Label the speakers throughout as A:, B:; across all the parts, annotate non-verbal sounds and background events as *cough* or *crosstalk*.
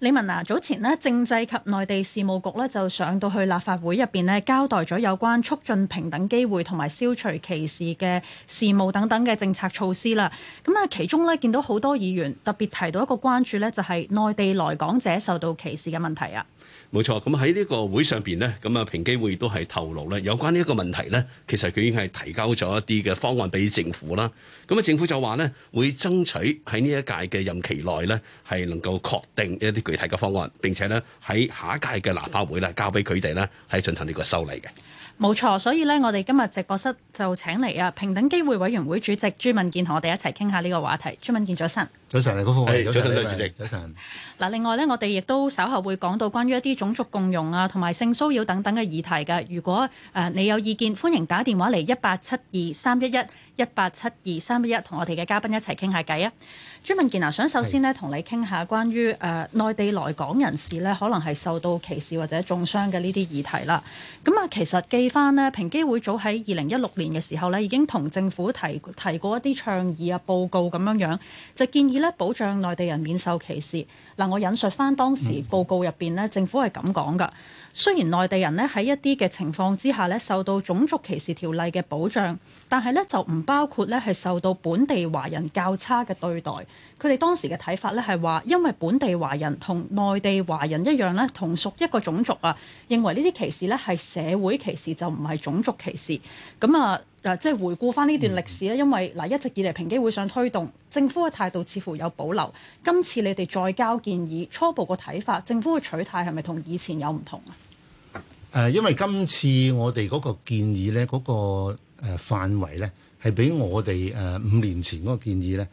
A: 李文啊，早前咧政制及內地事務局咧就上到去立法會入邊咧，交代咗有關促進平等機會同埋消除歧視嘅事務等等嘅政策措施啦。咁啊，其中呢，見到好多議員特別提到一個關注呢，就係內地來港者受到歧視嘅問題啊。
B: 冇錯，咁喺呢個會上邊呢，咁啊平機會亦都係透露呢有關呢一個問題呢，其實佢已經係提交咗一啲嘅方案俾政府啦。咁啊，政府就話呢，會爭取喺呢一屆嘅任期內呢，係能夠確定一啲。具體嘅方案，並且呢喺下一屆嘅立法會咧，交俾佢哋呢，係進行呢個修例嘅。
A: 冇錯，所以呢，我哋今日直播室就請嚟啊平等機會委員會主席朱敏健，同我哋一齊傾下呢個話題。朱敏健早晨，
C: 早晨你好，我哋，早晨，主席，早晨。
A: 嗱，另外呢，我哋亦都稍後會講到關於一啲種族共融啊，同埋性騷擾等等嘅議題㗎。如果誒你有意見，歡迎打電話嚟一八七二三一一一八七二三一一，同我哋嘅嘉賓一齊傾下偈啊！朱敏健啊，想首先咧同你傾下關於誒內地來港人士咧，可能係受到歧視或者中傷嘅呢啲議題啦。咁啊，其實記翻呢，平機會早喺二零一六年嘅時候咧，已經同政府提提過一啲倡議啊、報告咁樣樣，就建議咧保障內地人免受歧視。嗱、呃，我引述翻當時報告入邊呢，政府係咁講噶。雖然內地人咧喺一啲嘅情況之下咧受到種族歧視條例嘅保障，但係呢就唔包括咧係受到本地華人較差嘅對待。佢哋當時嘅睇法咧係話，因為本地華人同內地華人一樣咧，同屬一個種族啊，認為呢啲歧視咧係社會歧視，就唔係種族歧視。咁、嗯、啊。嗱，即係回顧翻呢段歷史咧，因為嗱一直以嚟平機會想推動，政府嘅態度似乎有保留。今次你哋再交建議，初步個睇法，政府嘅取態係咪同以前有唔同啊？
C: 誒，因為今次我哋嗰個建議咧，嗰個誒範圍咧係比我哋誒五年前嗰個建議咧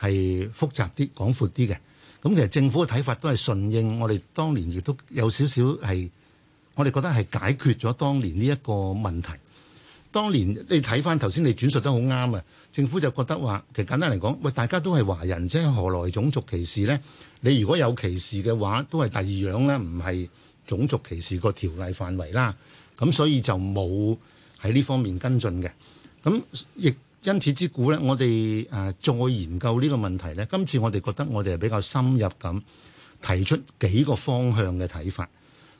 C: 係複雜啲、廣闊啲嘅。咁其實政府嘅睇法都係順應我哋當年亦都有少少係，我哋覺得係解決咗當年呢一個問題。當年你睇翻頭先，你轉述得好啱啊！政府就覺得話，其實簡單嚟講，喂，大家都係華人啫，即係何來種族歧視呢？你如果有歧視嘅話，都係第二樣咧，唔係種族歧視個條例範圍啦。咁所以就冇喺呢方面跟進嘅。咁亦因此之故呢，我哋、啊、再研究呢個問題呢。今次我哋覺得我哋係比較深入咁提出幾個方向嘅睇法。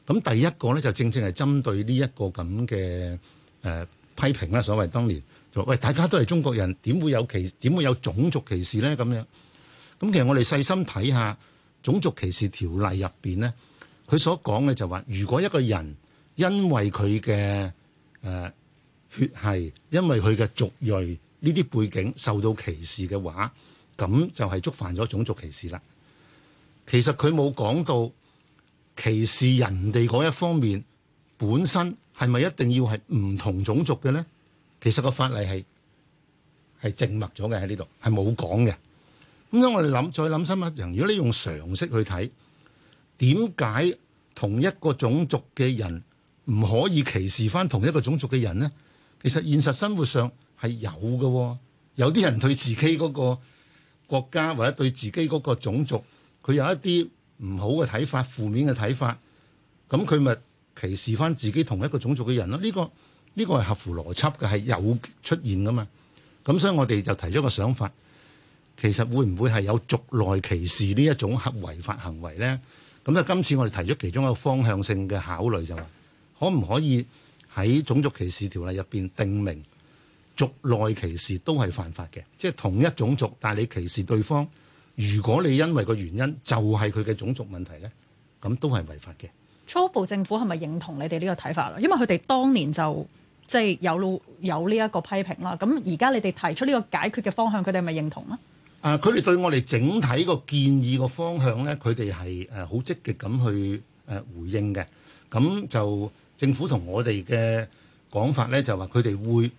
C: 咁第一個呢，就正正係針對呢一個咁嘅批評啦，所謂當年就，喂，大家都係中國人，點會有歧點會有種族歧視呢？咁樣，咁其實我哋細心睇下種族歧視條例入邊呢，佢所講嘅就話，如果一個人因為佢嘅誒血係，因為佢嘅族裔呢啲背景受到歧視嘅話，咁就係觸犯咗種族歧視啦。其實佢冇講到歧視人哋嗰一方面本身。係咪一定要係唔同種族嘅咧？其實個法例係係靜默咗嘅喺呢度，係冇講嘅。咁所以我哋諗再諗深一層，如果你用常識去睇，點解同一個種族嘅人唔可以歧視翻同一個種族嘅人咧？其實現實生活上係有嘅、哦，有啲人對自己嗰個國家或者對自己嗰個種族，佢有一啲唔好嘅睇法、負面嘅睇法，咁佢咪？歧視翻自己同一個種族嘅人啦，呢、這個呢、這個係合乎邏輯嘅，係有出現㗎嘛？咁所以我哋就提咗個想法，其實會唔會係有族內歧視呢一種違法行為呢？咁咧今次我哋提咗其中一個方向性嘅考慮，就是，就話可唔可以喺種族歧視條例入邊定明族內歧視都係犯法嘅，即係同一種族，但係你歧視對方，如果你因為個原因就係佢嘅種族問題呢，咁都係違法嘅。
A: 初步政府係咪認同你哋呢個睇法咧？因為佢哋當年就即係、就是、有有呢一個批評啦。咁而家你哋提出呢個解決嘅方向，佢哋係咪認同咧？
C: 啊，佢哋對我哋整體個建議個方向咧，佢哋係誒好積極咁去誒回應嘅。咁就政府同我哋嘅講法咧，就話佢哋會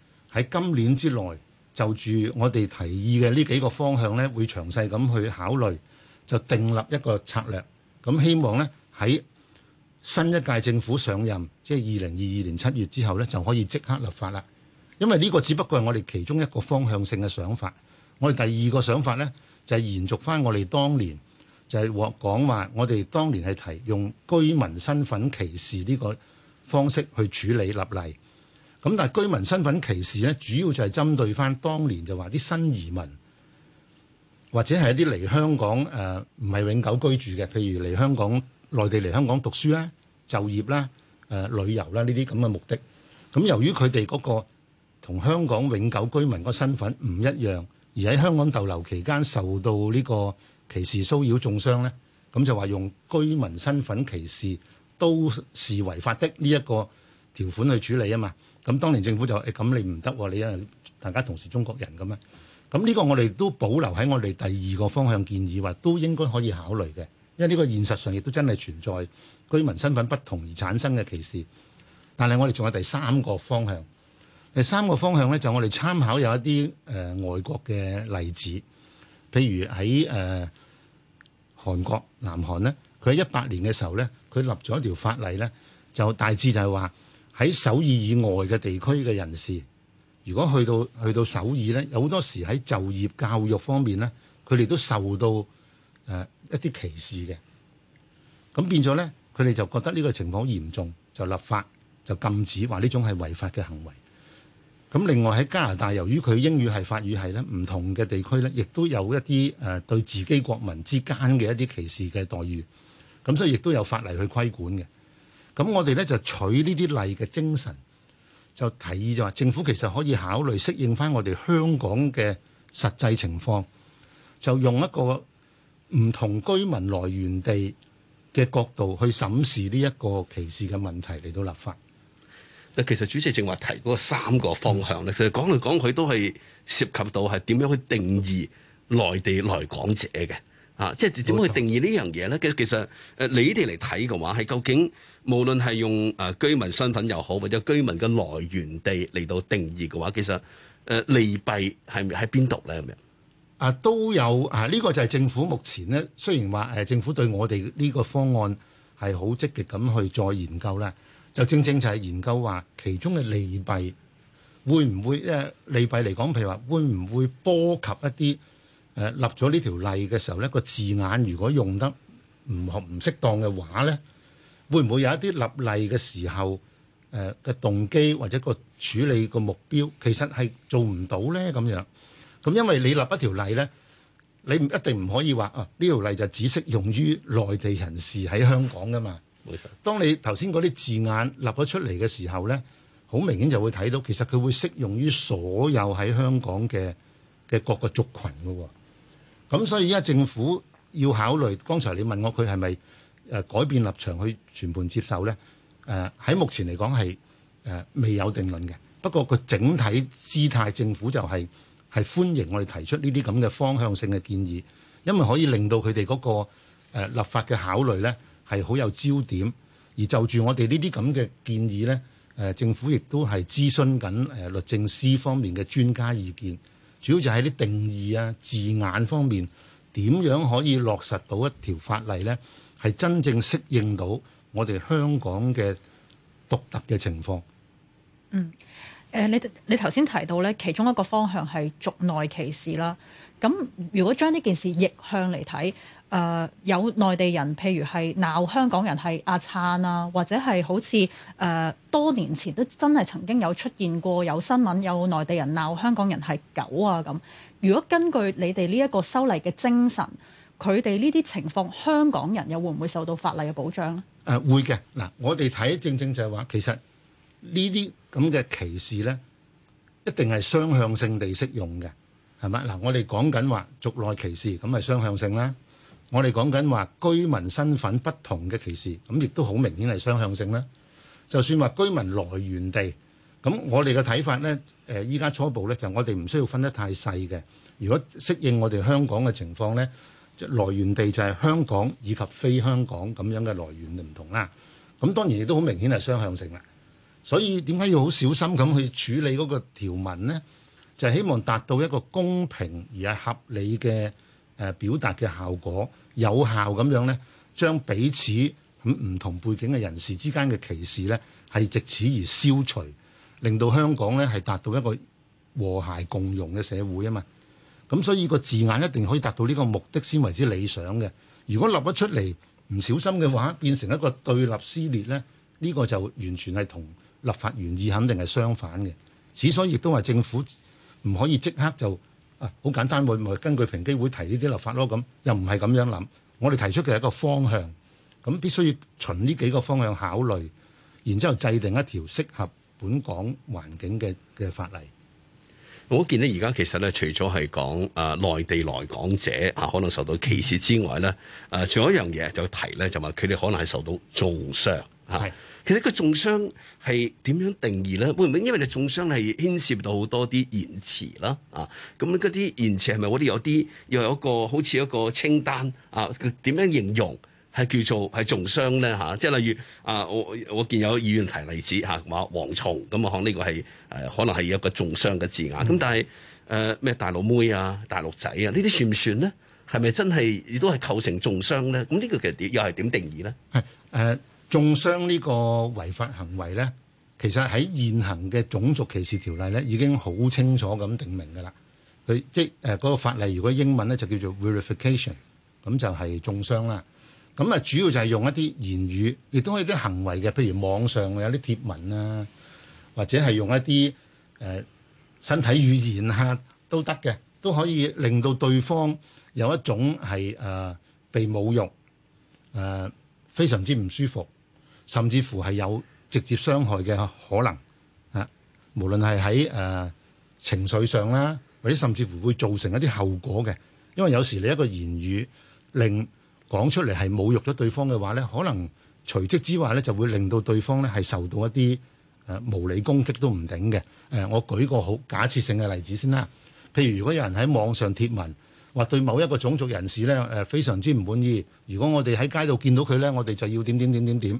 C: 喺今年之內就住我哋提議嘅呢幾個方向咧，會詳細咁去考慮，就訂立一個策略。咁希望咧喺新一屆政府上任，即係二零二二年七月之後呢，就可以即刻立法啦。因為呢個只不過係我哋其中一個方向性嘅想法。我哋第二個想法呢，就係、是、延續翻我哋當年就係講話，我哋當年係提用居民身份歧視呢個方式去處理立例。咁但係居民身份歧視呢，主要就係針對翻當年就話啲新移民或者係一啲嚟香港誒唔係永久居住嘅，譬如嚟香港內地嚟香港讀書啦。就業啦、呃、旅遊啦呢啲咁嘅目的，咁由於佢哋嗰個同香港永久居民個身份唔一樣，而喺香港逗留期間受到呢個歧視、騷擾、中傷呢，咁就話用居民身份歧視都是違法的呢一個條款去處理啊嘛。咁當年政府就誒咁、欸、你唔得，你因為大家同是中國人咁嘛。咁呢個我哋都保留喺我哋第二個方向建議，話都應該可以考慮嘅。因為呢個現實上亦都真係存在居民身份不同而產生嘅歧視，但係我哋仲有第三個方向。第三個方向咧就我哋參考有一啲誒、呃、外國嘅例子，譬如喺誒、呃、韓國、南韓咧，佢喺一八年嘅時候咧，佢立咗一條法例咧，就大致就係話喺首爾以外嘅地區嘅人士，如果去到去到首爾咧，有好多時喺就業、教育方面咧，佢哋都受到誒。呃一啲歧視嘅，咁變咗呢，佢哋就覺得呢個情況嚴重，就立法就禁止話呢種係違法嘅行為。咁另外喺加拿大，由於佢英語係法語係呢唔同嘅地區呢，亦都有一啲誒、呃、對自己國民之間嘅一啲歧視嘅待遇。咁所以亦都有法例去規管嘅。咁我哋呢，就取呢啲例嘅精神，就提議就話政府其實可以考慮適應返我哋香港嘅實際情況，就用一個唔同居民來源地嘅角度去審視呢一個歧視嘅問題，嚟到立法。
B: 其實主席正話提嗰三個方向咧，其實講嚟講去都係涉及到係點樣去定義內地來港者嘅啊，即係點樣去定義這件事呢樣嘢咧？其實，誒，你哋嚟睇嘅話，係究竟無論係用啊居民身份又好，或者居民嘅來源地嚟到定義嘅話，
C: 其實誒利弊係咪喺邊度咧？咁樣？啊，都有啊！呢、呢個就係政府目前咧，雖然話誒、啊、政府對我哋呢個方案係好積極咁去再研究咧，就正正就係研究話其中嘅利弊，會唔會、啊利弊，會唔會咧利弊嚟講，譬如話會唔會波及一啲誒、啊、立咗呢條例嘅時候咧，個字眼如果用得唔合唔適當嘅話咧，會唔會有一啲立例嘅時候誒嘅、啊、動機或者個處理個目標其實係做唔到咧咁樣？咁，因為你立一條例呢，你唔一定唔可以話啊。呢條例就只適用於內地人士喺香港噶嘛。冇錯。當你頭先嗰啲字眼立咗出嚟嘅時候呢，好明顯就會睇到其實佢會適用於所有喺香港嘅嘅各個族群噶喎、哦。咁所以而家政府要考慮，剛才你問我佢係咪誒改變立場去全盤接受呢？誒、啊、喺目前嚟講係誒、啊、未有定論嘅。不過個整體姿態，政府就係、是。係歡迎我哋提出呢啲咁嘅方向性嘅建議，因為可以令到佢哋嗰個立法嘅考慮呢係好有焦點，而就住我哋呢啲咁嘅建議呢，誒政府亦都係諮詢緊誒律政司方面嘅專家意見，主要就係啲定義啊字眼方面，點樣可以落實到一條法例呢係真正適應到我哋香港嘅獨特嘅情況。
A: 嗯。誒，你你頭先提到咧，其中一個方向係族內歧視啦。咁如果將呢件事逆向嚟睇，誒、呃、有內地人，譬如係鬧香港人係阿燦啊，或者係好似誒、呃、多年前都真係曾經有出現過有新聞有內地人鬧香港人係狗啊咁。如果根據你哋呢一個修例嘅精神，佢哋呢啲情況，香港人又會唔會受到法例嘅保障咧？
C: 誒、呃、會嘅，嗱我哋睇正正就係話，其實呢啲。咁嘅歧視呢，一定係雙向性地適用嘅，係咪？嗱，我哋講緊話族內歧視，咁係雙向性啦。我哋講緊話居民身份不同嘅歧視，咁亦都好明顯係雙向性啦。就算話居民來源地，咁我哋嘅睇法呢，誒依家初步呢，就我哋唔需要分得太細嘅。如果適應我哋香港嘅情況呢，即來源地就係香港以及非香港咁樣嘅來源就唔同啦。咁當然亦都好明顯係雙向性啦。所以點解要好小心咁去處理嗰個條文呢？就係希望達到一個公平而係合理嘅誒表達嘅效果，有效咁樣呢，將彼此唔同背景嘅人士之間嘅歧視呢，係藉此而消除，令到香港呢係達到一個和諧共融嘅社會啊嘛。咁所以個字眼一定可以達到呢個目的先為之理想嘅。如果立得出嚟唔小心嘅話，變成一個對立撕裂呢，呢、呢個就完全係同。立法原意肯定係相反嘅，此所以亦都話政府唔可以即刻就啊好簡單，會唔會根據平機會提呢啲立法咯？咁、啊、又唔係咁樣諗，我哋提出嘅係一個方向，咁、啊、必須要循呢幾個方向考慮，然之後制定一條適合本港環境嘅嘅法例。
B: 我見咧，而家其實咧，除咗係講誒內地來港者啊，可能受到歧視之外咧，誒、啊，仲有一樣嘢就提咧，就話佢哋可能係受到中傷。吓，其實個重傷係點樣定義咧？會唔會因為你重傷係牽涉到好多啲言辭啦、啊？啊，咁嗰啲言辭係咪我哋有啲又有一個好似一,一,一,一個清單啊？點樣形容係叫做係重傷咧？嚇、啊，即係例如啊，我我見有議員提例子嚇，話蝗蟲咁啊，呢個係誒、啊、可能係一個重傷嘅字眼。咁但係誒咩大陸妹啊、大陸仔啊，這些算不算呢啲算唔算咧？係咪真係亦都係構成重傷咧？咁呢個其實又係點定義咧？
C: 係誒。呃中傷呢個違法行為咧，其實喺現行嘅種族歧視條例咧已經好清楚咁定明嘅啦。佢即係誒嗰個法例，如果英文咧就叫做 vilification，咁就係中傷啦。咁啊，主要就係用一啲言語，亦都可以啲行為嘅，譬如網上有啲貼文啊，或者係用一啲誒、呃、身體語言啊都得嘅，都可以令到對方有一種係誒、呃、被侮辱誒、呃、非常之唔舒服。甚至乎係有直接傷害嘅可能啊！無論係喺誒情緒上啦，或者甚至乎會造成一啲後果嘅。因為有時你一個言語令講出嚟係侮辱咗對方嘅話呢，可能隨即之話呢就會令到對方呢係受到一啲誒無理攻擊都唔頂嘅。誒、呃，我舉個好假設性嘅例子先啦。譬如如果有人喺網上貼文話對某一個種族人士呢誒、呃、非常之唔滿意，如果我哋喺街度見到佢呢，我哋就要點點點點點。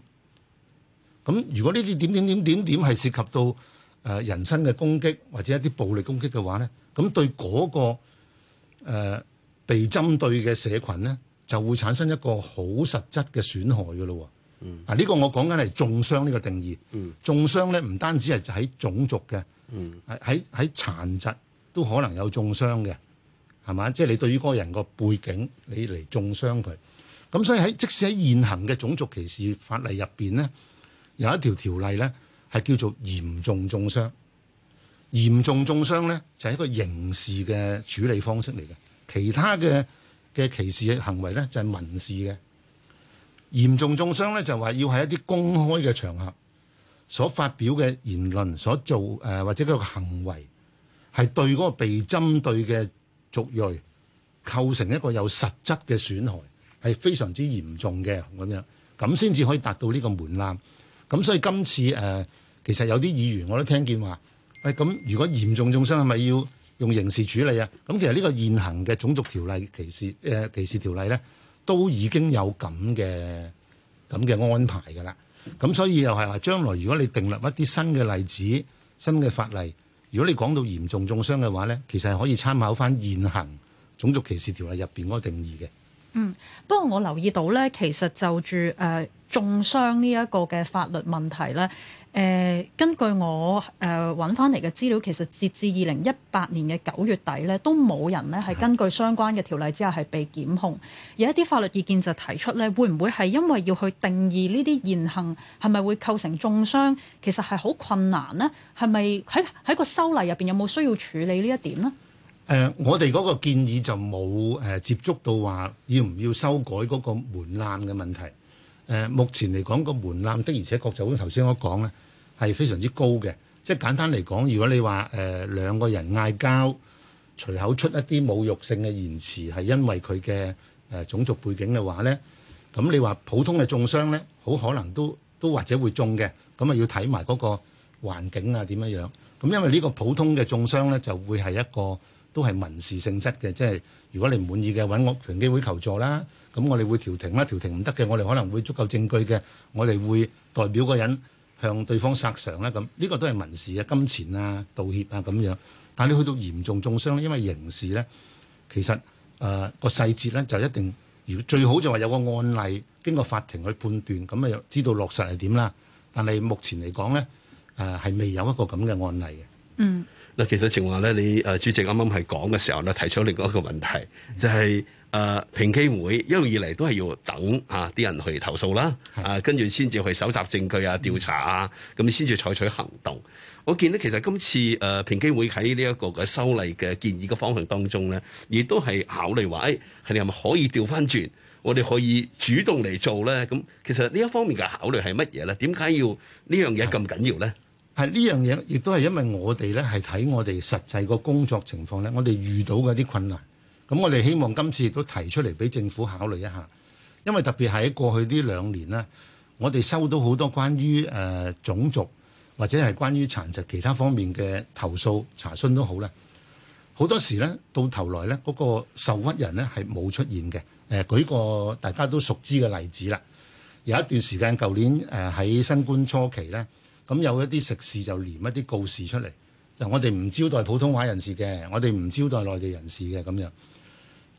C: 咁如果呢啲點點點點點係涉及到誒人身嘅攻擊或者一啲暴力攻擊嘅話咧，咁對嗰個、誒、被針對嘅社群咧，就會產生一個好實質嘅損害嘅咯。嗯，啊呢個我講緊係重傷呢個定義。嗯，重傷咧唔單止係喺種族嘅，嗯，喺喺殘疾都可能有重傷嘅，係嘛？即係你對於嗰個人個背景，你嚟重傷佢。咁所以喺即使喺現行嘅種族歧視法例入邊咧。有一條條例咧，係叫做嚴重中傷。嚴重中傷咧就係、是、一個刑事嘅處理方式嚟嘅。其他嘅嘅歧視嘅行為咧就係、是、民事嘅。嚴重中傷咧就話要喺一啲公開嘅場合所發表嘅言論，所做誒、呃、或者佢行為係對嗰個被針對嘅族裔構成一個有實質嘅損害，係非常之嚴重嘅咁樣，咁先至可以達到呢個門檻。咁所以今次誒、呃、其實有啲議員我都聽見話，誒、哎、咁如果嚴重中傷係咪要用刑事處理啊？咁其實呢個現行嘅種族條例歧視誒、呃、歧視條例咧，都已經有咁嘅咁嘅安排噶啦。咁所以又係話將來如果你訂立一啲新嘅例子、新嘅法例，如果你講到嚴重中傷嘅話咧，其實係可以參考翻現行種族歧視條例入邊嗰個定義嘅。
A: 嗯，不過我留意到咧，其實就住誒、呃、中傷呢一個嘅法律問題咧、呃，根據我誒揾翻嚟嘅資料，其實截至二零一八年嘅九月底咧，都冇人咧係根據相關嘅條例之下係被檢控，有一啲法律意見就提出咧，會唔會係因為要去定義呢啲言行係咪會構成中傷，其實係好困難呢？係咪喺喺個修例入面有冇需要處理呢一點呢？
C: 誒、呃，我哋嗰個建議就冇、呃、接觸到話要唔要修改嗰個門檻嘅問題。目前嚟講個門檻的，而、呃、且確就咁頭先我講咧，係非常之高嘅。即係簡單嚟講，如果你話、呃、兩個人嗌交，隨口出一啲侮辱性嘅言辭，係因為佢嘅誒種族背景嘅話咧，咁你話普通嘅中傷咧，好可能都都或者會中嘅。咁啊，要睇埋嗰個環境啊，點樣樣咁，因為呢個普通嘅中傷咧，就會係一個。都係民事性質嘅，即係如果你唔滿意嘅，搵平機會求助啦。咁我哋會調停啦，調停唔得嘅，我哋可能會足夠證據嘅，我哋會代表個人向對方索償啦。咁呢、這個都係民事嘅，金錢啊，道歉啊咁樣。但係你去到嚴重中傷咧，因為刑事咧，其實誒、呃、個細節咧就一定，如果最好就話有個案例經過法庭去判斷，咁啊又知道落實係點啦。但係目前嚟講咧，誒係未有一個咁嘅案例嘅。嗯。嗱，其實
B: 情況咧，你誒主席啱啱係講嘅時候咧，提出另外一個問題，就係、是、誒平機會，一路以嚟都係要等啊啲人去投訴啦，啊跟住先至去搜集證據啊、調查啊，咁先至採取行動。我見咧，其實今次誒平機會喺呢一個嘅修例嘅建議嘅方向當中咧，亦都係考慮話，誒係你係咪可以調返轉，我哋可以主動嚟做咧？咁其實呢一方面嘅考慮係乜嘢咧？點
C: 解要呢樣嘢咁緊要咧？係呢樣嘢，亦都係因為我哋呢，係睇我哋實際個工作情況呢，我哋遇到嘅啲困難，咁我哋希望今次亦都提出嚟俾政府考慮一下。因為特別喺過去呢兩年咧，我哋收到好多關於誒、呃、種族或者係關於殘疾其他方面嘅投訴、查詢都好啦。好多時呢，到頭來呢，嗰、嗰個受屈人呢係冇出現嘅。誒舉個大家都熟知嘅例子啦，有一段時間舊年誒喺、呃、新冠初期呢，咁有一啲食肆就連一啲告示出嚟，嗱、就是、我哋唔招待普通話人士嘅，我哋唔招待內地人士嘅咁樣。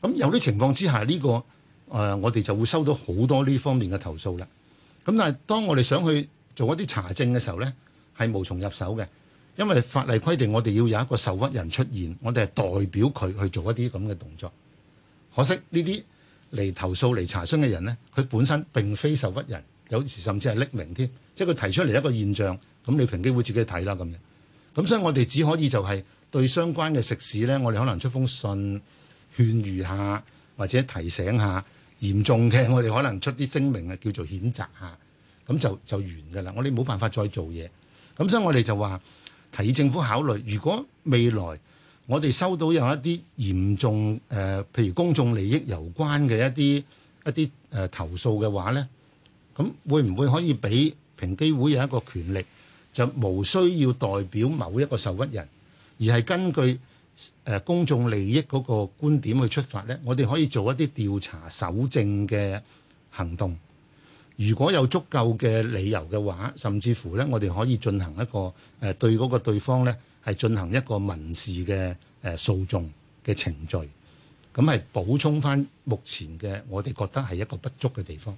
C: 咁有啲情況之下，呢、呢個、呃、我哋就會收到好多呢方面嘅投訴啦。咁但係當我哋想去做一啲查證嘅時候呢，係無從入手嘅，因為法例規定我哋要有一個受屈人出現，我哋係代表佢去做一啲咁嘅動作。可惜呢啲嚟投訴嚟查詢嘅人呢，佢本身並非受屈人。有時甚至係匿名添，即係佢提出嚟一個現象，咁你平機會自己睇啦咁樣。咁所以我哋只可以就係對相關嘅食肆咧，我哋可能出封信勸喻下，或者提醒下。嚴重嘅，我哋可能出啲聲明啊，叫做譴責下。咁就就完㗎啦。我哋冇辦法再做嘢。咁所以我哋就話提議政府考慮，如果未來我哋收到有一啲嚴重誒、呃，譬如公眾利益有關嘅一啲一啲誒、呃、投訴嘅話咧。咁會唔會可以俾平機會有一個權力，就無需要代表某一個受屈人，而係根據誒公眾利益嗰個觀點去出發呢？我哋可以做一啲調查搜證嘅行動。如果有足夠嘅理由嘅話，甚至乎呢，我哋可以進行一個誒對嗰個對方呢，係進行一個民事嘅誒訴訟嘅程序。咁係補充翻目前嘅我哋覺得係一個不足嘅地方。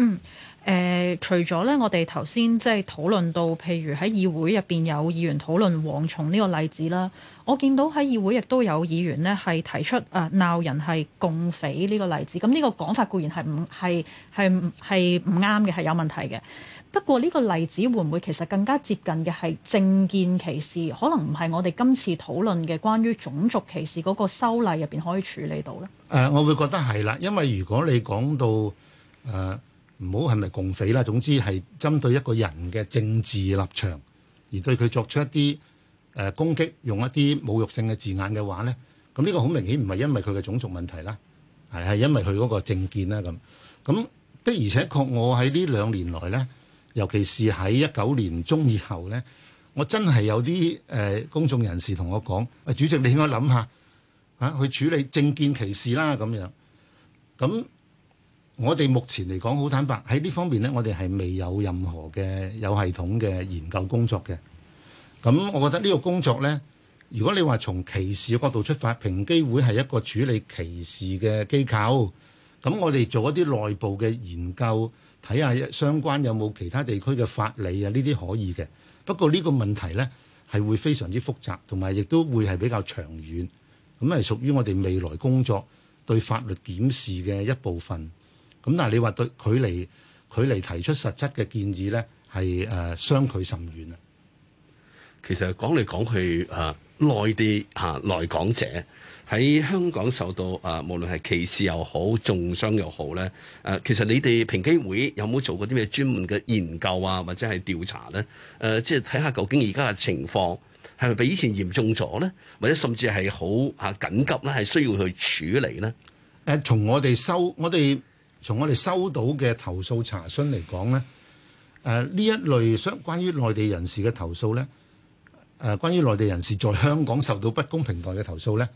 A: 嗯，誒、呃，除咗咧，我哋頭先即係討論到，譬如喺議會入邊有議員討論蝗蟲呢個例子啦，我見到喺議會亦都有議員呢係提出誒鬧、呃、人係共匪呢個例子。咁呢個講法固然係唔係係唔係唔啱嘅，係有問題嘅。不過呢個例子會唔會其實更加接近嘅係政見歧視，可能唔係我哋今次討論嘅關於種族歧視嗰個修例入邊可以處理到咧？
C: 誒、呃，我會覺得係啦，因為如果你講到誒。呃唔好係咪共匪啦？總之係針對一個人嘅政治立場而對佢作出一啲誒攻擊，用一啲侮辱性嘅字眼嘅話呢。咁呢個好明顯唔係因為佢嘅種族問題啦，係係因為佢嗰個政見啦。咁咁的而且確，我喺呢兩年來呢，尤其是喺一九年中以後呢，我真係有啲誒公眾人士同我講，主席，你應該諗下去處理政見歧視啦。咁樣咁。我哋目前嚟講，好坦白，喺呢方面呢，我哋係未有任何嘅有系統嘅研究工作嘅。咁我覺得呢個工作呢，如果你話從歧視的角度出發，平機會係一個處理歧視嘅機構。咁我哋做一啲內部嘅研究，睇下相關有冇其他地區嘅法理啊，呢啲可以嘅。不過呢個問題呢，係會非常之複雜，同埋亦都會係比較長遠咁，係屬於我哋未來工作對法律檢視嘅一部分。咁你話對佢嚟佢提出實質嘅建議咧，係、啊、誒相距甚遠啊，
B: 啊，啊，啊！其實講嚟講去，誒內地吓來港者喺香港受到誒無論係歧視又好、中傷又好咧，誒其實你哋平機會有冇做過啲咩專門嘅研究啊，或者係調查咧？誒、啊，即係睇下究竟而家嘅情況係咪比以前嚴重咗咧，或者甚至係好吓緊急咧，係需要去處理咧？
C: 誒、啊，從我哋收我哋。從我哋收到嘅投訴查詢嚟講咧，誒呢一類相關於內地人士嘅投訴咧，誒關於內地人士在香港受到不公平待嘅投訴咧，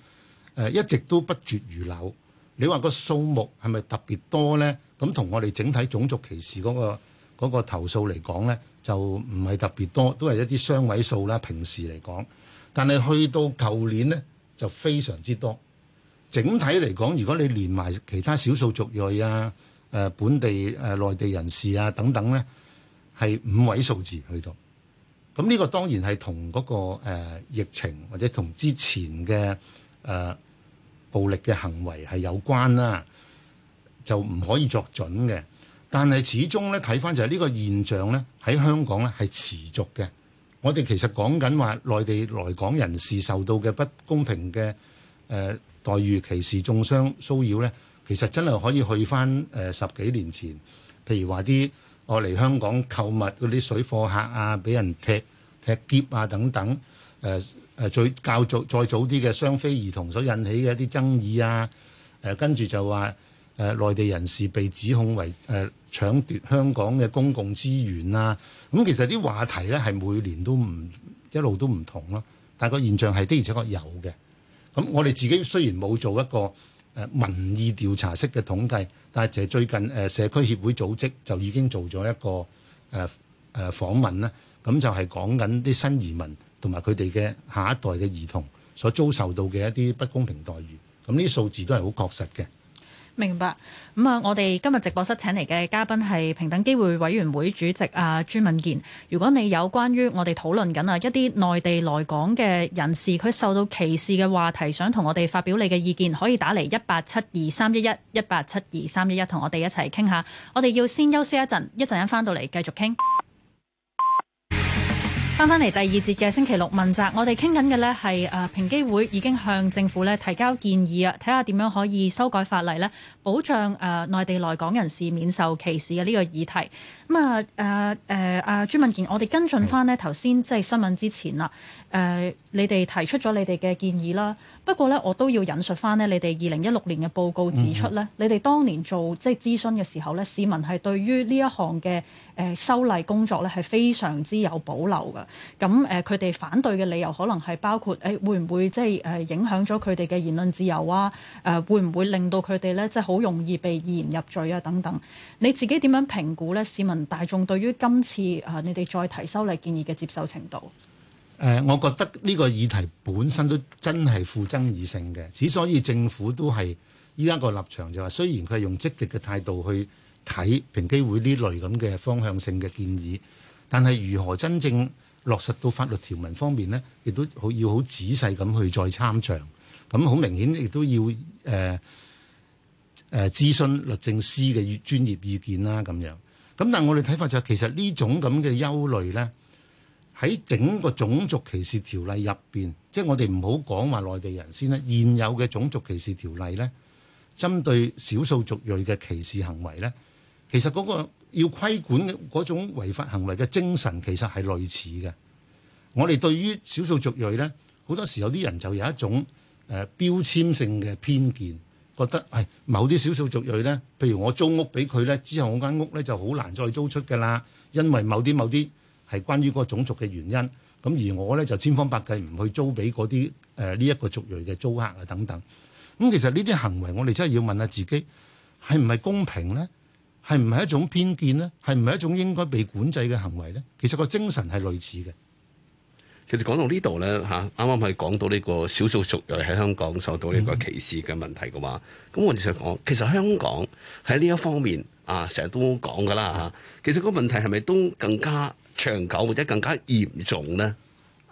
C: 誒一直都不絕如縷。你話個數目係咪特別多呢？咁同我哋整體種族歧視嗰、嗰個嗰個投訴嚟講呢就唔係特別多，都係一啲雙位數啦。平時嚟講，但係去到舊年呢，就非常之多。整體嚟講，如果你連埋其他少數族裔啊、啊本地誒、啊、內地人士啊等等咧，係五位數字去到。咁呢個當然係同嗰個、啊、疫情或者同之前嘅、啊、暴力嘅行為係有關啦，啊，就唔可以作準嘅。但係始終咧睇返就係呢個現象咧喺香港咧係持續嘅。我哋其實講緊話內地來港人士受到嘅不公平嘅待遇歧視、中傷、騷擾咧，其實真係可以去返誒、呃、十幾年前，譬如話啲我嚟香港購物嗰啲水貨客啊，俾人踢踢劫啊等等，誒、呃、誒最較早再早啲嘅雙非兒童所引起嘅一啲爭議啊，誒跟住就話誒、呃、內地人士被指控為誒、呃、搶奪香港嘅公共資源啊，咁、嗯、其實啲話題咧係每年都唔一路都唔同咯、啊，但個現象係的而且確有嘅。咁我哋自己雖然冇做一個誒民意調查式嘅統計，但係就係最近誒社區協會組織就已經做咗一個誒誒訪問啦。咁就係講緊啲新移民同埋佢哋嘅下一代嘅兒童所遭受到嘅一啲不公平待遇。咁呢啲數字都係好確實嘅。
A: 明白。咁、嗯、啊，我哋今日直播室請嚟嘅嘉賓係平等機會委員會主席啊朱敏健。如果你有關於我哋討論緊啊一啲內地來港嘅人士佢受到歧視嘅話題，想同我哋發表你嘅意見，可以打嚟一八七二三一一一八七二三一一，同我哋一齊傾下。我哋要先休息一陣，一陣間翻到嚟繼續傾。翻翻嚟第二節嘅星期六問責，我哋傾緊嘅呢係誒平機會已經向政府呢提交建議啊，睇下點樣可以修改法例呢，保障誒、呃、內地來港人士免受歧視嘅呢個議題。咁啊誒誒啊朱敏健，我哋跟進翻呢頭先即係新聞之前啦誒。呃你哋提出咗你哋嘅建議啦，不過呢，我都要引述返呢你哋二零一六年嘅報告指出呢，mm -hmm. 你哋當年做即係諮詢嘅時候呢，市民係對於呢一項嘅誒修例工作呢係非常之有保留嘅。咁誒佢哋反對嘅理由可能係包括誒會唔會即係誒影響咗佢哋嘅言論自由啊？誒會唔會令到佢哋呢即係好容易被言入罪啊？等等，你自己點樣評估呢？市民大眾對於今次啊你哋再提修例建議嘅接受程度？
C: 誒、呃，我覺得呢個議題本身都真係負爭議性嘅，之所以政府都係依家個立場就話，雖然佢係用積極嘅態度去睇平機會呢類咁嘅方向性嘅建議，但係如何真正落實到法律條文方面呢？亦都好要好仔細咁去再參詳。咁好明顯亦都要誒誒、呃呃、諮詢律政司嘅專業意見啦，咁樣。咁但係我哋睇法就係、是，其實呢種咁嘅憂慮呢。喺整個種族歧視條例入邊，即係我哋唔好講話內地人先啦。現有嘅種族歧視條例呢，針對少數族裔嘅歧視行為呢，其實嗰個要規管嘅嗰種違法行為嘅精神其實係類似嘅。我哋對於少數族裔呢，好多時有啲人就有一種誒、呃、標籤性嘅偏見，覺得係某啲少數族裔呢，譬如我租屋俾佢呢，之後我間屋呢就好難再租出㗎啦，因為某啲某啲。係關於個種族嘅原因，咁而我咧就千方百計唔去租俾嗰啲誒呢一個族裔嘅租客啊等等，咁、嗯、其實呢啲行為我哋真係要問下自己，係唔係公平咧？係唔係一種偏見咧？係唔係一種應該被管制嘅行為咧？其實個精神係類似嘅。
B: 其實講到呢度咧，吓啱啱係講到呢個少數族裔喺香港受到呢個歧視嘅問題嘅話，咁、嗯、我哋就講，其實香港喺呢一方面啊，成日都講噶啦，其實個問題係咪都更加長久或者更加嚴重咧，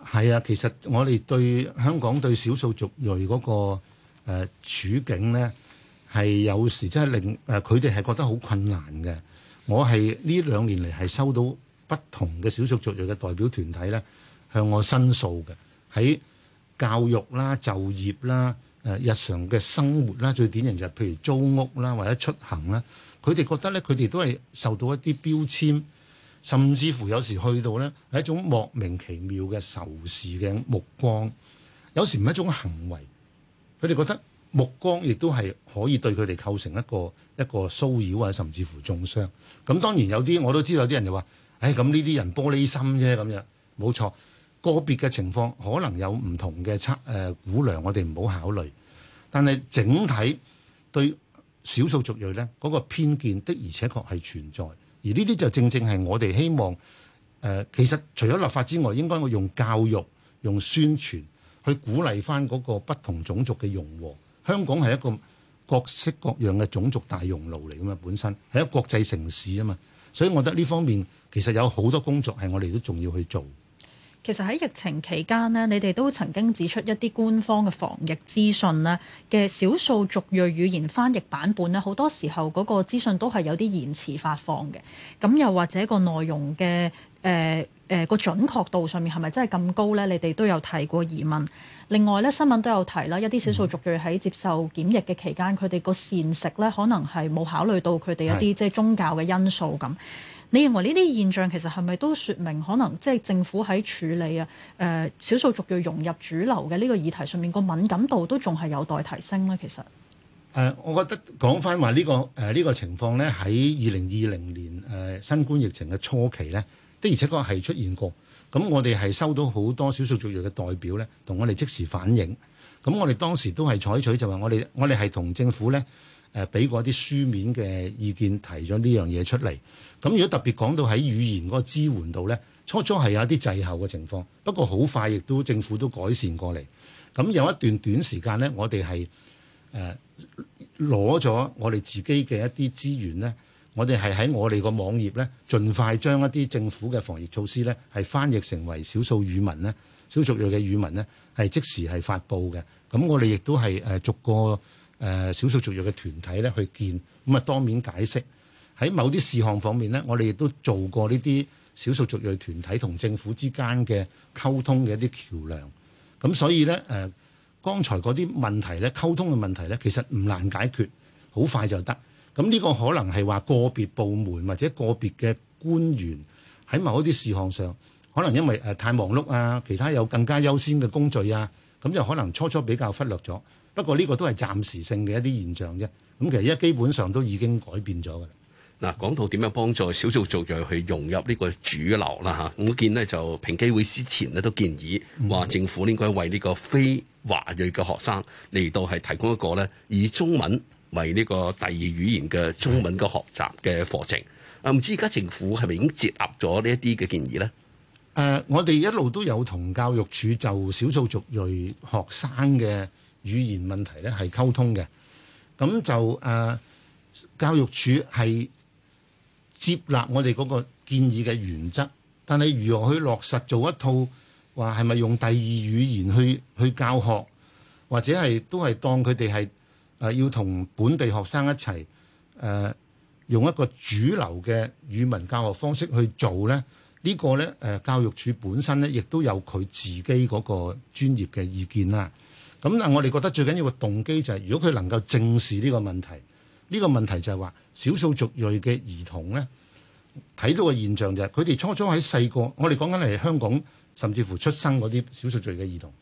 C: 係啊！其實我哋對香港對少數族裔嗰個誒、呃、處境咧，係有時真係令誒佢哋係覺得好困難嘅。我係呢兩年嚟係收到不同嘅少數族裔嘅代表團體咧，向我申訴嘅喺教育啦、就業啦、誒、呃、日常嘅生活啦，最典型就係譬如租屋啦或者出行啦，佢哋覺得咧佢哋都係受到一啲標籤。甚至乎有時去到咧係一種莫名其妙嘅仇視嘅目光，有時唔係一種行為，佢哋覺得目光亦都係可以對佢哋構成一個一個騷擾啊，甚至乎重傷，咁當然有啲我都知道有啲人就話，唉、哎，咁呢啲人玻璃心啫。咁樣，冇錯，個別嘅情況可能有唔同嘅測、誒、估量，我哋唔好考慮，但係整體對少數族裔咧嗰個偏見的而且確係存在。而呢啲就正正係我哋希望，誒、呃，其實除咗立法之外，應該我用教育、用宣傳去鼓勵翻嗰個不同種族嘅融合。香港係一個各式各樣嘅種族大熔爐嚟㗎嘛，本身係一個國際城市啊嘛，所以我覺得呢方面其實有好多工作係我哋都仲要去做。
A: 其實喺疫情期間呢，你哋都曾經指出一啲官方嘅防疫資訊呢，嘅少數族裔語言翻譯版本呢，好多時候嗰個資訊都係有啲延遲發放嘅。咁又或者個內容嘅誒誒個準確度上面係咪真係咁高呢？你哋都有提過疑問。另外咧，新聞都有提啦，一啲少數族裔喺接受檢疫嘅期間，佢哋個膳食咧可能係冇考慮到佢哋一啲即係宗教嘅因素咁。你認為呢啲現象其實係咪都説明可能即係政府喺處理啊，誒，少數族裔融入主流嘅呢個議題上面個敏感度都仲係有待提升咧？其實
C: 誒，我覺得講翻話呢個誒呢、呃呢個情況咧，喺二零二零年誒、呃、新冠疫情嘅初期咧，的而且確係出現過。咁我哋係收到好多少數族裔嘅代表咧，同我哋即時反映。咁我哋當時都係採取就話我哋我哋係同政府咧誒，俾過啲書面嘅意見提咗呢樣嘢出嚟。咁如果特別講到喺語言嗰個支援度咧，初初係有一啲滯後嘅情況，不過好快亦都政府都改善過嚟。咁有一段短時間咧，我哋係誒攞咗我哋自己嘅一啲資源咧，我哋係喺我哋個網頁咧，盡快將一啲政府嘅防疫措施咧，係翻譯成為少數語文咧、呃、少數族裔嘅語文咧，係即時係發布嘅。咁我哋亦都係誒逐個誒少數族裔嘅團體咧去見，咁啊當面解釋。喺某啲事項方面呢，我哋亦都做過呢啲少數族裔團體同政府之間嘅溝通嘅一啲橋梁。咁所以呢，誒、呃，剛才嗰啲問題呢，溝通嘅問題呢，其實唔難解決，好快就得。咁呢個可能係話個別部門或者個別嘅官員喺某一啲事項上，可能因為誒太忙碌啊，其他有更加優先嘅工序啊，咁就可能初初比較忽略咗。不過呢個都係暫時性嘅一啲現象啫。咁其實而家基本上都已經改變咗嘅。
B: 嗱，講到點樣幫助少數族裔去融入呢個主流啦，嚇，我見呢，就平機會之前呢，都建議話政府應該為呢個非華裔嘅學生嚟到係提供一個呢以中文為呢個第二語言嘅中文嘅學習嘅課程。唔知而家政府係咪已經接納咗呢一啲嘅建
C: 議呢？誒、呃，我哋一路都有同教育署就少數族裔學生嘅語言問題呢係溝通嘅，咁就誒、呃、教育署係接納我哋嗰個建議嘅原則，但係如何去落實做一套話係咪用第二語言去去教學，或者係都係當佢哋係誒要同本地學生一齊誒、呃、用一個主流嘅語文教學方式去做呢？呢、呢個呢，誒、呃、教育署本身呢，亦都有佢自己嗰個專業嘅意見啦。咁但我哋覺得最緊要嘅動機就係、是，如果佢能夠正視呢個問題。呢個問題就係話，少數族裔嘅兒童呢，睇到嘅現象就係佢哋初初喺細個，我哋講緊係香港甚至乎出生嗰啲少數族裔嘅兒童，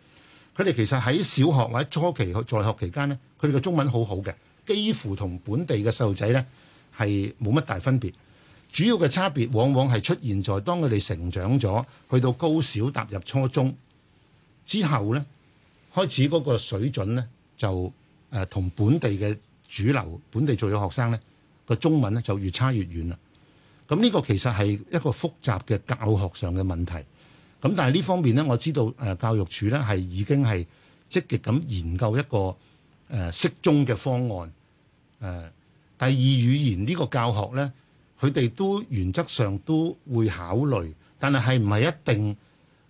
C: 佢哋其實喺小學或者初期在學期間呢，佢哋嘅中文好好嘅，幾乎同本地嘅細路仔呢係冇乜大分別。主要嘅差別往往係出現在當佢哋成長咗，去到高小踏入初中之後呢，開始嗰個水準呢，就誒同本地嘅。主流本地做咗學生咧，個中文咧就越差越遠啦。咁呢個其實係一個複雜嘅教學上嘅問題，咁但係呢方面咧，我知道誒教育署咧係已經係積極咁研究一個誒適中嘅方案。誒第二語言呢個教學咧，佢哋都原則上都會考慮，但係係唔係一定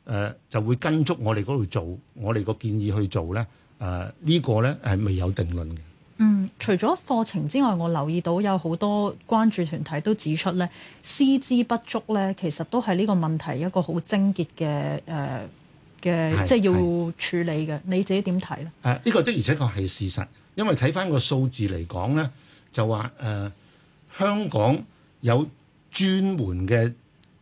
C: 誒就會跟足我哋嗰度做，我哋個建議去做咧？誒呢個咧係未有定論嘅。
A: 嗯，除咗課程之外，我留意到有好多關注團體都指出咧，師資不足咧，其實都係呢個問題一個好癥結嘅誒嘅，即係要處理嘅。你自己點睇咧？
C: 誒、啊，呢、這個的而且確係事實，因為睇翻個數字嚟講咧，就話誒、呃、香港有專門嘅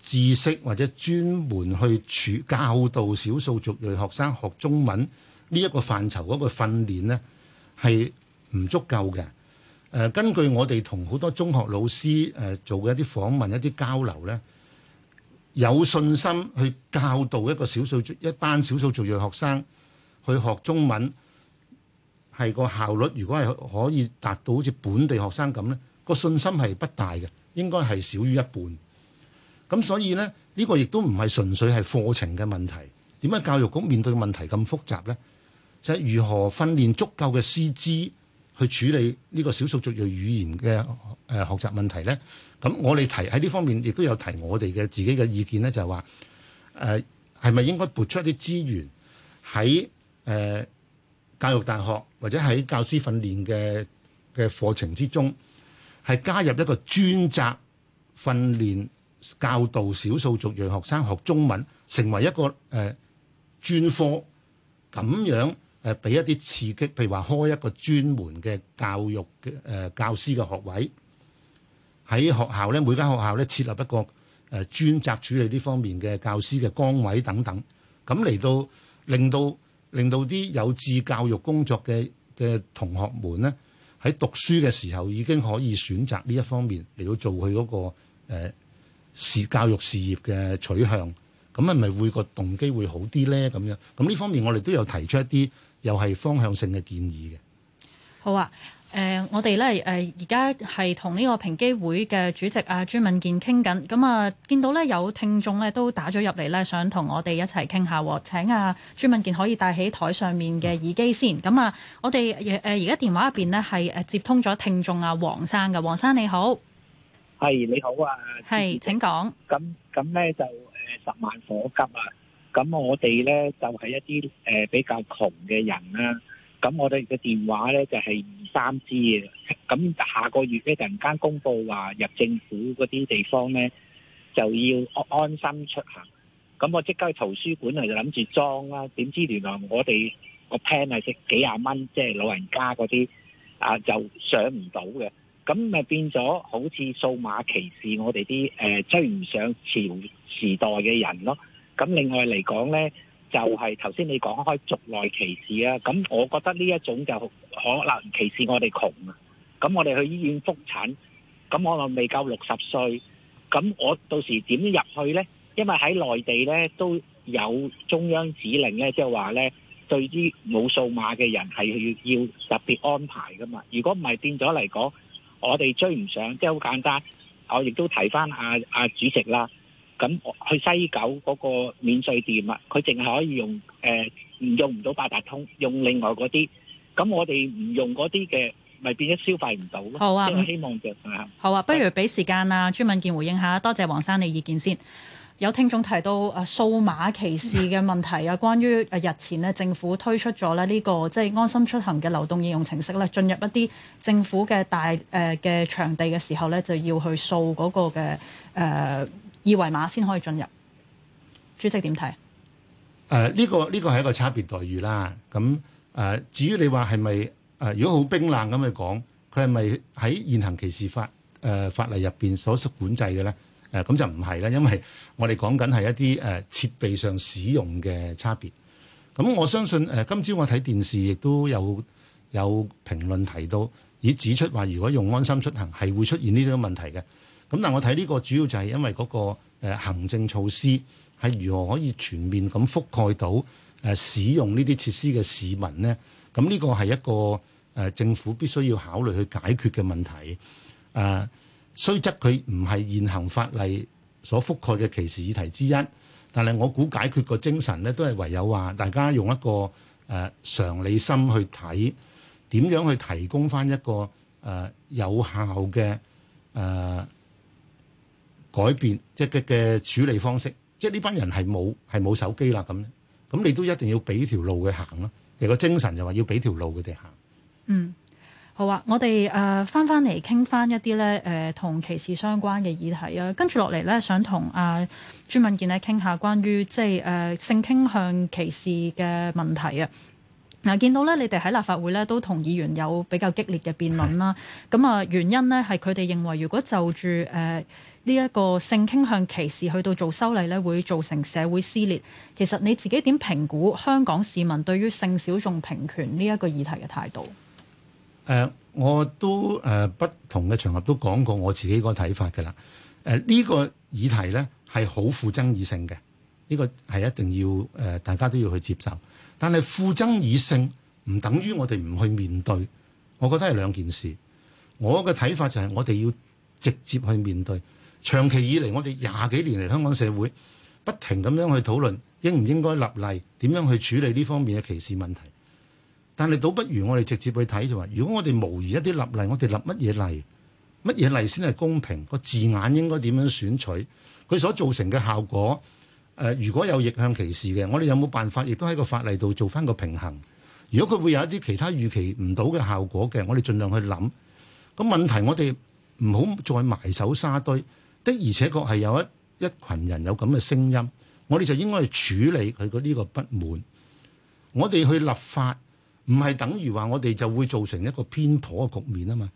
C: 知識或者專門去處教導少數族裔學生學中文呢一個範疇嗰個訓練咧，係，唔足夠嘅，呃，根據我哋同好多中學老師、呃、做嘅一啲訪問、一啲交流咧，有信心去教導一個少數一班少數族裔學生去學中文，係個效率。如果係可以達到好似本地學生咁咧，個信心係不大嘅，應該係少於一半。咁所以咧，呢個亦都唔係純粹係課程嘅問題。點解教育局面對嘅問題咁複雜咧？就係、係、如何訓練足夠嘅師資。去處理呢個少數族裔語言嘅誒學習問題咧，咁我哋提喺呢方面亦都有提我哋嘅自己嘅意見咧，就係話誒係咪應該撥出一啲資源喺誒、呃、教育大學或者喺教師訓練嘅嘅課程之中，係加入一個專責訓練教導少數族裔學生學中文，成為一個誒、呃、專科咁樣，誒俾一啲刺激，譬如話開一個專門嘅教育嘅、呃、教師嘅學位，喺學校咧每間學校咧設立一個誒、呃、專責處理呢方面嘅教師嘅崗位等等，咁嚟到令到令到啲有志教育工作嘅嘅同學們咧，喺讀書嘅時候已經可以選擇呢一方面嚟到做佢嗰、嗰個事、呃、教育事業嘅取向，咁係咪會個動機會好啲咧？咁樣咁呢方面我哋都有提出一啲。又係方向性嘅建議
A: 嘅。好啊，誒、呃，我哋咧誒而家係同呢、呃、個平機會嘅主席阿、啊、朱敏健傾緊。咁、嗯、啊，見到咧有聽眾咧都打咗入嚟咧，想同我哋一齊傾下。請啊，朱敏健可以戴起台上面嘅耳機先。咁、嗯嗯嗯、啊，我哋誒而家電話入邊呢係誒接通咗聽眾啊黃生嘅。黃生你好，
D: 係你好啊，
A: 係請講。咁咁咧就誒、
D: 呃、十萬火急啊！咁我哋呢就係一啲、呃、比較窮嘅人啦。咁我哋嘅電話呢就係二三 G 嘅。咁下個月呢，突然間公佈話入政府嗰啲地方呢，就要安安心出行。咁我即刻去圖書館啊就諗住裝啦。點知原來我哋個 plan 係十幾廿蚊，即係老人家嗰啲啊就上唔到嘅。咁咪變咗好似數碼歧視我哋啲、呃、追唔上潮時代嘅人咯。咁另外嚟講呢，就係頭先你講開族內歧視啊，咁我覺得呢一種就可能歧視我哋窮啊，咁我哋去醫院復診，咁我又未夠六十歲，咁我到時點入去呢？因為喺內地呢都有中央指令呢，即係話呢對啲冇數碼嘅人係要要特別安排㗎嘛。如果唔係變咗嚟講，我哋追唔上，即係好簡單。我亦都睇返阿阿主席啦。咁去西九嗰個免稅店啊，佢淨係可以用誒、呃，用唔到八達通，用另外嗰啲。咁我哋唔用嗰啲嘅，咪變咗消費唔到咯。好啊，希望
A: 嘅好啊，不如俾時間啊，朱敏健回應下。多謝黃生你意見先。有聽眾提到啊，數碼歧視嘅問題啊， *laughs* 關於誒日前咧政府推出咗咧呢個即係、就是、安心出行嘅流動應用程式咧，進入一啲政府嘅大誒嘅、呃、場地嘅時候咧，就要去掃嗰個嘅誒。呃二維碼先可以進入，主席點睇？
C: 誒、呃、呢、這個呢、這個係一個差別待遇啦。咁誒、呃，至於你話係咪誒，如果好冰冷咁去講，佢係咪喺現行歧視法誒、呃、法例入邊所管制嘅咧？誒、呃、咁就唔係啦，因為我哋講緊係一啲誒、呃、設備上使用嘅差別。咁我相信誒、呃，今朝我睇電視亦都有有評論提到，已指出話如果用安心出行係會出現呢啲問題嘅。咁但我睇呢個主要就係因為嗰個行政措施係如何可以全面咁覆蓋到使用呢啲設施嘅市民咧？咁呢個係一個政府必須要考慮去解決嘅問題。誒，雖則佢唔係現行法例所覆蓋嘅歧視議題之一，但係我估解決個精神咧都係唯有話大家用一個常理心去睇，點樣去提供翻一個有效嘅改變，即嘅嘅處理方式，即呢班人係冇係冇手機啦，咁咁你都一定要俾條路佢行咯。其實個精神就話要俾條路佢哋行。
A: 嗯，好啊，我哋誒翻翻嚟傾翻一啲咧誒同歧視相關嘅議題啊。跟住落嚟咧，想同啊、呃、朱敏健咧傾下關於即誒、呃、性傾向歧視嘅問題啊。嗱，見到咧，你哋喺立法會咧都同議員有比較激烈嘅辯論啦。咁啊，原因咧係佢哋認為如果就住誒，呃呢、這、一個性傾向歧視去到做修例咧，會造成社會撕裂。其實你自己點評估香港市民對於性小眾平權呢一個議題嘅態度？
C: 誒、呃，我都誒、呃、不同嘅場合都講過我自己個睇法㗎喇。誒、呃，呢、這個議題咧係好富爭議性嘅，呢、這個係一定要誒、呃、大家都要去接受。但係富爭議性唔等於我哋唔去面對，我覺得係兩件事。我嘅睇法就係我哋要直接去面對。長期以嚟，我哋廿幾年嚟香港社會不停咁樣去討論，應唔應該立例，點樣去處理呢方面嘅歧視問題？但係倒不如我哋直接去睇就話，如果我哋模擬一啲立例，我哋立乜嘢例，乜嘢例先係公平？個字眼應該點樣選取？佢所造成嘅效果，誒、如果有逆向歧視嘅，我哋有冇辦法亦都喺個法例度做返個平衡？如果佢會有一啲其他預期唔到嘅效果嘅，我哋盡量去諗。咁問題我哋唔好再埋首沙堆。的而且確係有一一群人有咁嘅聲音，我哋就應該去處理佢嗰呢個不滿。我哋去立法唔係等於話我哋就會造成一個偏頗嘅局面啊嘛。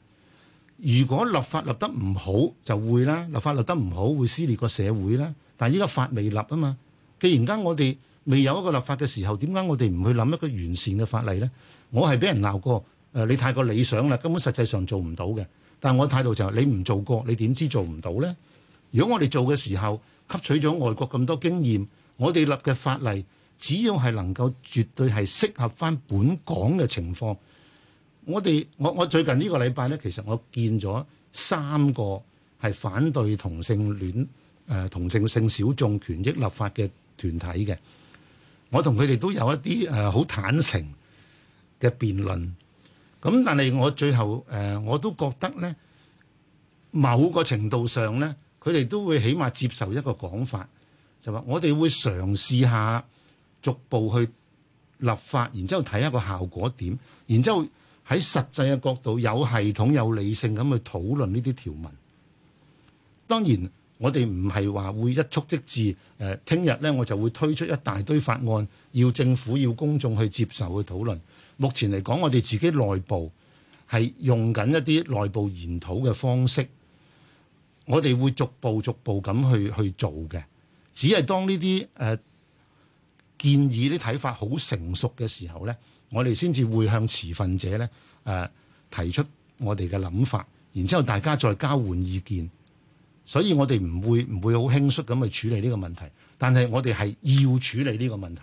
C: 如果立法立得唔好，就會啦。立法立得唔好會撕裂個社會啦。但係依家法未立啊嘛。既然間我哋未有一個立法嘅時候，點解我哋唔去諗一個完善嘅法例呢？我係俾人鬧過誒，你太過理想啦，根本實際上做唔到嘅。但係我態度就係你唔做過，你點知做唔到呢？如果我哋做嘅時候吸取咗外國咁多經驗，我哋立嘅法例，只要係能夠絕對係適合翻本港嘅情況，我哋我我最近呢個禮拜呢，其實我見咗三個係反對同性戀誒、呃、同性性小眾權益立法嘅團體嘅，我同佢哋都有一啲誒好坦誠嘅辯論。咁但係我最後誒、呃、我都覺得呢，某個程度上呢。佢哋都會起碼接受一個講法，就話我哋會嘗試下逐步去立法，然之後睇一個效果點，然之後喺實際嘅角度有系統有理性咁去討論呢啲條文。當然，我哋唔係話會一蹴即至。誒，聽日呢，我就會推出一大堆法案，要政府要公眾去接受去討論。目前嚟講，我哋自己內部係用緊一啲內部研討嘅方式。我哋會逐步逐步咁去去做嘅，只係當呢啲誒建議啲睇法，好成熟嘅時候咧，我哋先至會向持份者咧誒、呃、提出我哋嘅諗法，然之後大家再交換意見，所以我哋唔會唔會好輕率咁去處理呢個問題，但係我哋係要處理呢個問題。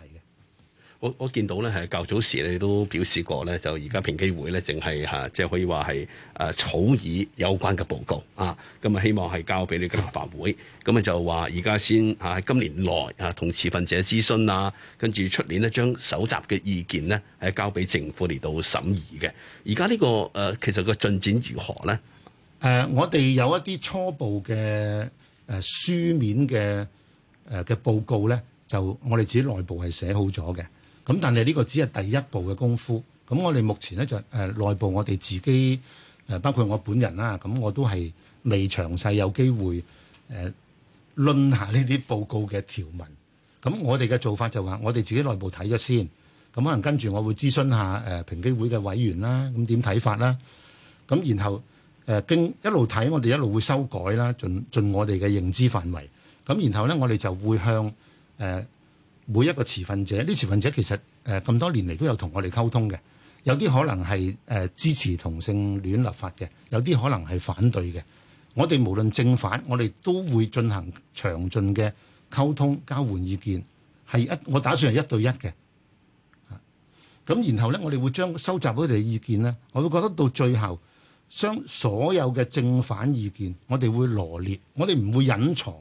B: 我我見到咧，係較早時你都表示過咧，就而家平機會咧，淨係嚇，即係可以話係誒草擬有關嘅報告啊。咁啊，希望係交俾呢個立法會。咁、嗯、啊，就話而家先嚇喺今年內啊，同持份者諮詢啊，跟住出年咧將搜集嘅意見呢，係交俾政府嚟到審議嘅。而家呢個誒、啊，其實個進展如何咧？
C: 誒、呃，我哋有一啲初步嘅誒、呃、書面嘅誒嘅報告咧，就我哋自己內部係寫好咗嘅。咁但係呢個只係第一步嘅功夫。咁我哋目前咧就誒內、呃、部我哋自己誒、呃、包括我本人啦，咁、啊嗯、我都係未詳細有機會誒論、呃、下呢啲報告嘅條文。咁、嗯、我哋嘅做法就話，我哋自己內部睇咗先。咁、嗯、可能跟住我會諮詢下誒平機會嘅委員啦，咁點睇法啦。咁、嗯、然後誒、呃、一路睇，我哋一路會修改啦，盡我哋嘅認知範圍。咁、嗯、然後咧，我哋就會向誒、呃每一個持份者，呢持份者其實誒咁、呃、多年嚟都有同我哋溝通嘅，有啲可能係、呃、支持同性戀立法嘅，有啲可能係反對嘅。我哋無論正反，我哋都會進行詳盡嘅溝通、交換意見，係一我打算係一對一嘅。咁然後呢，我哋會將收集到佢哋嘅意見呢，我會覺得到最後將所有嘅正反意見，我哋會羅列，我哋唔會隱藏。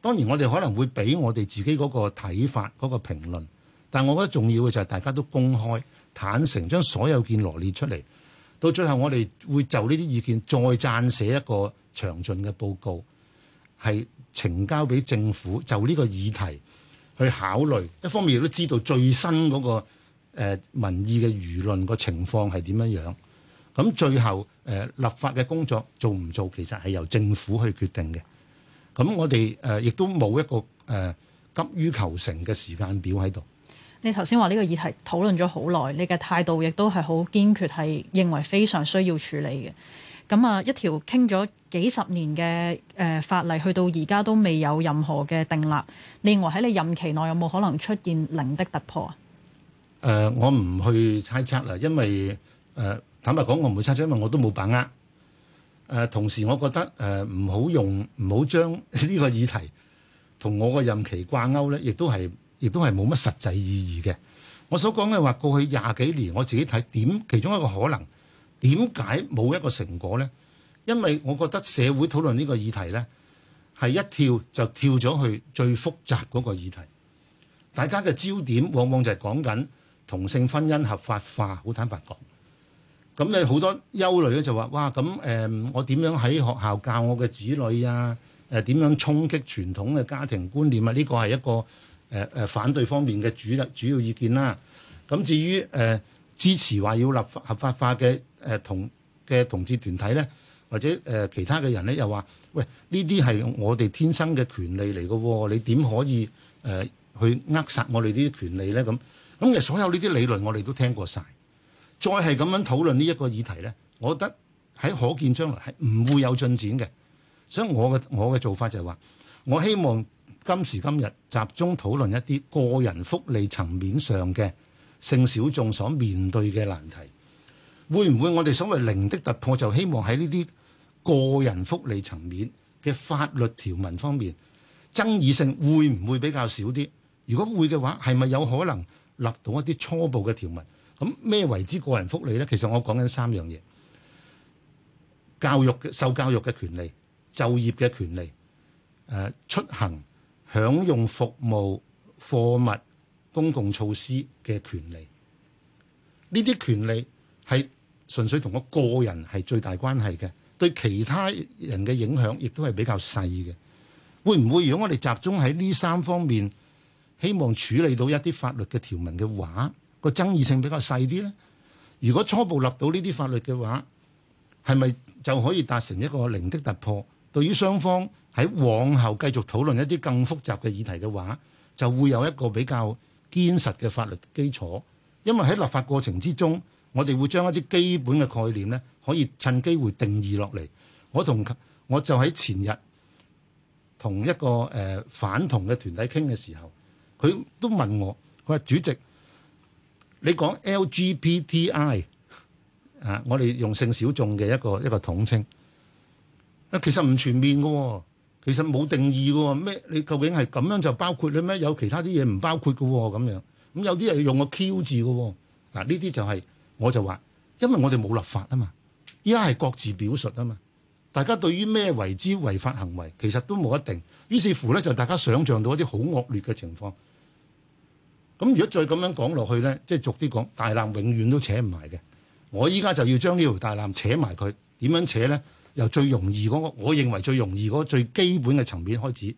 C: 當然，我哋可能會俾我哋自己嗰個睇法、嗰個評論，但我覺得重要嘅就係大家都公開、坦誠，將所有件羅列出嚟。到最後，我哋會就呢啲意見再撰寫一個詳盡嘅報告，係呈交俾政府就呢個議題去考慮。一方面亦都知道最新嗰個、呃、民意嘅輿論個情況係點樣樣。咁最後誒、呃、立法嘅工作做唔做，其實係由政府去決定嘅。咁我哋誒，亦都冇一個誒急於求成嘅時間表喺度。
A: 你頭先話呢個議題討論咗好耐，你嘅態度亦都係好堅決，係認為非常需要處理嘅。咁啊，一條傾咗幾十年嘅誒法例，去到而家都未有任何嘅定立。你認為喺你任期內有冇可能出現零的突破啊？
C: 誒、呃，我唔去猜測啦，因為誒、呃、坦白講，我唔會猜測，因為我都冇把握。誒，同時我覺得誒唔好用，唔好將呢個議題同我個任期掛鈎呢，亦都係，亦都係冇乜實際意義嘅。我所講嘅話，過去廿幾年我自己睇點，其中一個可能點解冇一個成果呢？因為我覺得社會討論呢個議題呢，係一跳就跳咗去最複雜嗰個議題。大家嘅焦點往往就係講緊同性婚姻合法化，好坦白講。咁你好多憂慮咧就話哇咁誒、呃，我點樣喺學校教我嘅子女啊？誒、呃、點樣衝擊傳統嘅家庭觀念啊？呢、這個係一個誒誒、呃、反對方面嘅主力主要意見啦、啊。咁至於誒、呃、支持話要立法合法化嘅誒、呃、同嘅同志團體咧，或者誒、呃、其他嘅人咧又話：喂，呢啲係我哋天生嘅權利嚟嘅喎，你點可以誒、呃、去扼殺我哋呢啲權利咧？咁咁其實所有呢啲理論我哋都聽過晒。再係咁樣討論呢一個議題呢，我覺得喺可見將來係唔會有進展嘅。所以我嘅我嘅做法就係話，我希望今時今日集中討論一啲個人福利層面上嘅性小眾所面對嘅難題，會唔會我哋所謂零的突破就希望喺呢啲個人福利層面嘅法律條文方面，爭議性會唔會比較少啲？如果會嘅話，係咪有可能立到一啲初步嘅條文？咁咩為之個人福利呢？其實我講緊三樣嘢：教育嘅受教育嘅權利、就業嘅權利、誒出行、享用服務貨物、公共措施嘅權利。呢啲權利係純粹同我個人係最大關係嘅，對其他人嘅影響亦都係比較細嘅。會唔會如果我哋集中喺呢三方面，希望處理到一啲法律嘅條文嘅話？個爭議性比較細啲咧。如果初步立到呢啲法律嘅話，係咪就可以達成一個零的突破？對於雙方喺往後繼續討論一啲更複雜嘅議題嘅話，就會有一個比較堅實嘅法律基礎。因為喺立法過程之中，我哋會將一啲基本嘅概念咧，可以趁機會定義落嚟。我同我就喺前日同一個、呃、反同嘅團體傾嘅時候，佢都問我：佢話主席。你講 LGBTI 啊，我哋用性小眾嘅一個一個統稱啊，其實唔全面嘅、哦，其實冇定義嘅咩、哦？你究竟係咁樣就包括你咩？有其他啲嘢唔包括嘅咁、哦、樣，咁有啲人用個 Q 字嘅嗱、哦，呢、啊、啲就係、是、我就話，因為我哋冇立法啊嘛，而家係各自表述啊嘛，大家對於咩為之違法行為，其實都冇一定，於是乎咧就大家想像到一啲好惡劣嘅情況。咁如果再咁樣講落去咧，即係逐啲講，大纜永遠都扯唔埋嘅。我依家就要將呢條大纜扯埋佢，點樣扯咧？由最容易嗰個，我認為最容易嗰個最基本嘅層面開始，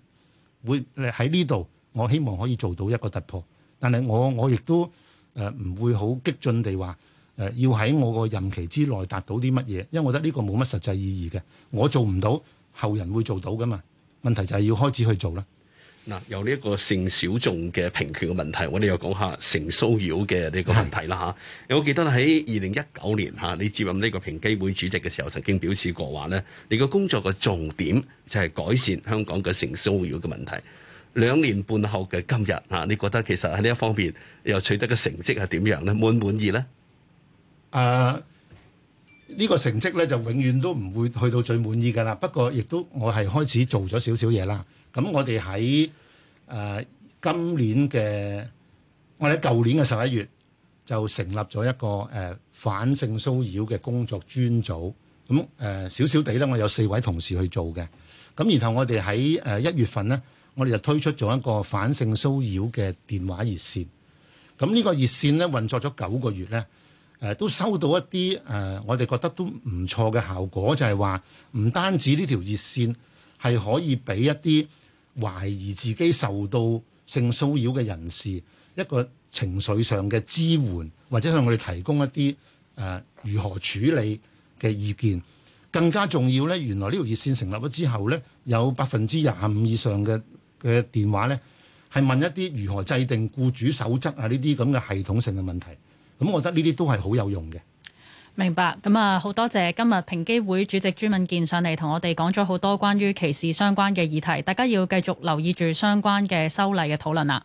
C: 喺呢度，我希望可以做到一個突破。但係我我亦都誒唔會好激進地話要喺我個任期之內達到啲乜嘢，因為我覺得呢個冇乜實際意義嘅。我做唔到，後人會做到㗎嘛？問題就係要開始去做啦。
B: 嗱，由呢一個性小眾嘅平權嘅問題，我哋又講下性騷擾嘅呢個問題啦嚇。是我記得喺二零一九年嚇，你接任呢個平機會主席嘅時候，曾經表示過話咧，你個工作嘅重點就係改善香港嘅性騷擾嘅問題。兩年半後嘅今日啊，你覺得其實喺呢一方面又取得嘅成績係點樣咧？滿唔滿意咧？
C: 誒、啊，呢、呢個成績咧就永遠都唔會去到最滿意噶啦。不過也，亦都我係開始做咗少少嘢啦。咁我哋喺誒今年嘅，我哋喺舊年嘅十一月就成立咗一個誒、呃、反性騷擾嘅工作專組。咁誒少少地咧，我有四位同事去做嘅。咁然後我哋喺誒一月份咧，我哋就推出咗一個反性騷擾嘅電話熱線。咁呢個熱線咧，運作咗九個月咧，誒、呃、都收到一啲誒、呃、我哋覺得都唔錯嘅效果，就係話唔單止呢條熱線係可以俾一啲懷疑自己受到性騷擾嘅人士，一個情緒上嘅支援，或者向佢哋提供一啲、呃、如何處理嘅意見。更加重要呢，原來呢條熱線成立咗之後呢，有百分之廿五以上嘅嘅電話呢，係問一啲如何制定僱主守則啊呢啲咁嘅系統性嘅問題。咁我覺得呢啲都係好有用嘅。
A: 明白，咁、嗯嗯嗯嗯、啊好多謝今日平機會主席朱敏健上嚟同我哋講咗好多關於歧視相關嘅議題，大家要繼續留意住相關嘅修例嘅討論啦。